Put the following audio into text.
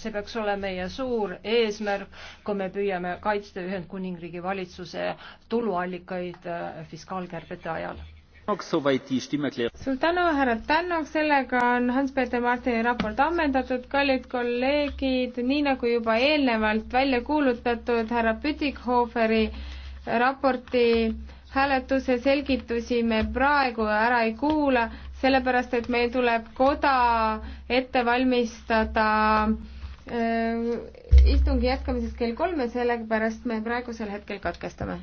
see peaks olema meie suur eesmärk, kui me püüame kaitsta Ühendkuningriigi valitsuse tuluallikaid äh, fiskaalkärbete ajal. suur tänu, härra Tännok, sellega on Hans-Peeter Martini raport ammendatud, kallid kolleegid, nii nagu juba eelnevalt välja kuulutatud härra Pütikhoferi raporti hääletuse selgitusi me praegu ära ei kuula, sellepärast et meil tuleb koda ette valmistada äh, istungi jätkamiseks kell kolm ja sellepärast me praegusel hetkel katkestame.